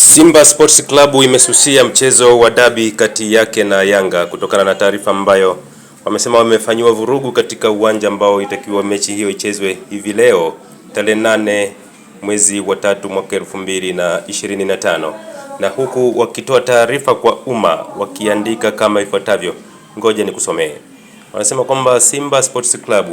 Simba Sports Club imesusia mchezo wa dabi kati yake na Yanga kutokana na taarifa ambayo wamesema wamefanyiwa vurugu katika uwanja ambao itakiwa mechi hiyo ichezwe hivi leo tarehe nane mwezi wa tatu mwaka elfu mbili na ishirini na tano na huku wakitoa taarifa kwa umma wakiandika kama ifuatavyo, ngoja ni kusomee. Wanasema kwamba Simba Sports Club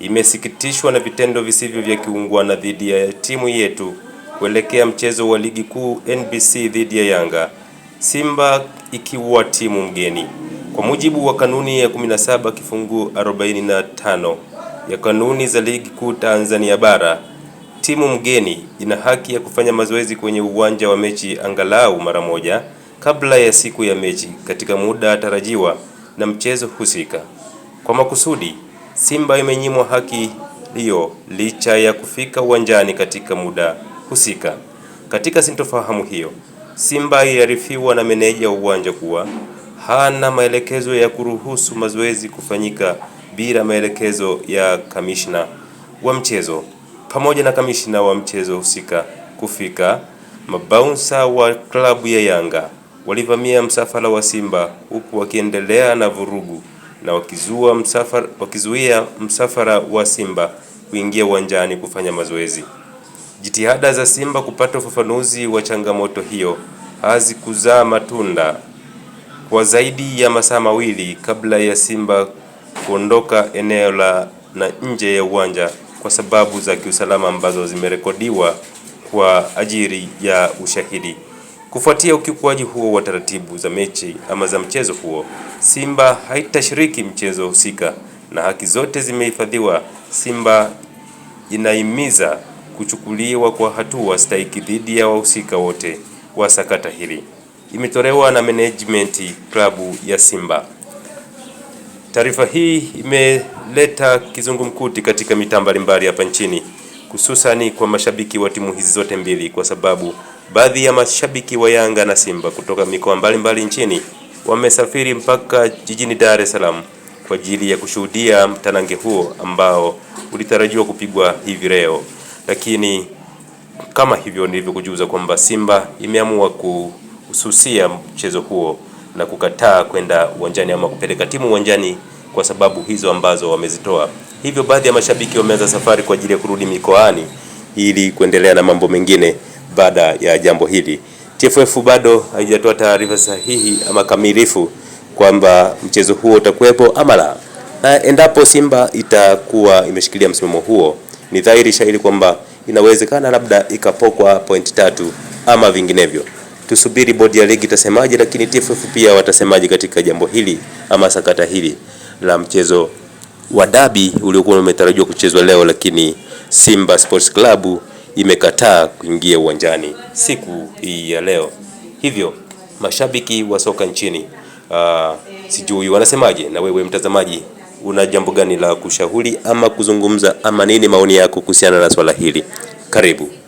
imesikitishwa na vitendo visivyo vya kiungwana dhidi ya timu yetu kuelekea mchezo wa ligi kuu NBC dhidi ya Yanga, Simba ikiwa timu mgeni. Kwa mujibu wa kanuni ya 17 kifungu 45 ya kanuni za ligi kuu Tanzania bara, timu mgeni ina haki ya kufanya mazoezi kwenye uwanja wa mechi angalau mara moja kabla ya siku ya mechi katika muda tarajiwa na mchezo husika. Kwa makusudi, Simba imenyimwa haki hiyo licha ya kufika uwanjani katika muda husika. Katika sintofahamu hiyo, Simba iliarifiwa na meneja wa uwanja kuwa hana maelekezo ya kuruhusu mazoezi kufanyika bila maelekezo ya kamishna wa mchezo pamoja na kamishna wa mchezo husika kufika. Mabaunsa wa klabu ya Yanga walivamia msafara wa Simba huku wakiendelea na vurugu na wakizua msafara, wakizuia msafara wa Simba kuingia uwanjani kufanya mazoezi. Jitihada za Simba kupata ufafanuzi wa changamoto hiyo hazikuzaa matunda kwa zaidi ya masaa mawili kabla ya Simba kuondoka eneo la na nje ya uwanja kwa sababu za kiusalama ambazo zimerekodiwa kwa ajili ya ushahidi. Kufuatia ukiukwaji huo wa taratibu za mechi ama za mchezo huo, Simba haitashiriki mchezo husika na haki zote zimehifadhiwa. Simba inahimiza kuchukuliwa kwa hatua stahiki dhidi ya wahusika wote wa sakata hili. Imetolewa na management klabu ya Simba. Taarifa hii imeleta kizungumkuti katika mitaa mbalimbali hapa nchini, hususani kwa mashabiki wa timu hizi zote mbili, kwa sababu baadhi ya mashabiki wa Yanga na Simba kutoka mikoa mbalimbali nchini wamesafiri mpaka jijini Dar es Salaam kwa ajili ya kushuhudia mtanange huo ambao ulitarajiwa kupigwa hivi leo lakini kama hivyo nilivyokujuza kwamba Simba imeamua kususia mchezo huo na kukataa kwenda uwanjani ama kupeleka timu uwanjani kwa sababu hizo ambazo wamezitoa. Hivyo baadhi ya mashabiki wameanza safari kwa ajili ya kurudi mikoani ili kuendelea na mambo mengine baada ya jambo hili. TFF bado haijatoa taarifa sahihi ama kamilifu kwamba mchezo huo utakuwepo ama la, na endapo Simba itakuwa imeshikilia msimamo huo ni dhahiri shahiri kwamba inawezekana labda ikapokwa point tatu ama vinginevyo. Tusubiri bodi ya ligi itasemaje, lakini TFF pia watasemaje katika jambo hili ama sakata hili la mchezo wa dabi uliokuwa umetarajiwa kuchezwa leo, lakini Simba Sports Club imekataa kuingia uwanjani siku hii ya leo. Hivyo mashabiki wa soka nchini, uh, sijui wanasemaje, na wewe mtazamaji una jambo gani la kushauri ama kuzungumza ama nini maoni yako kuhusiana na swala hili? Karibu.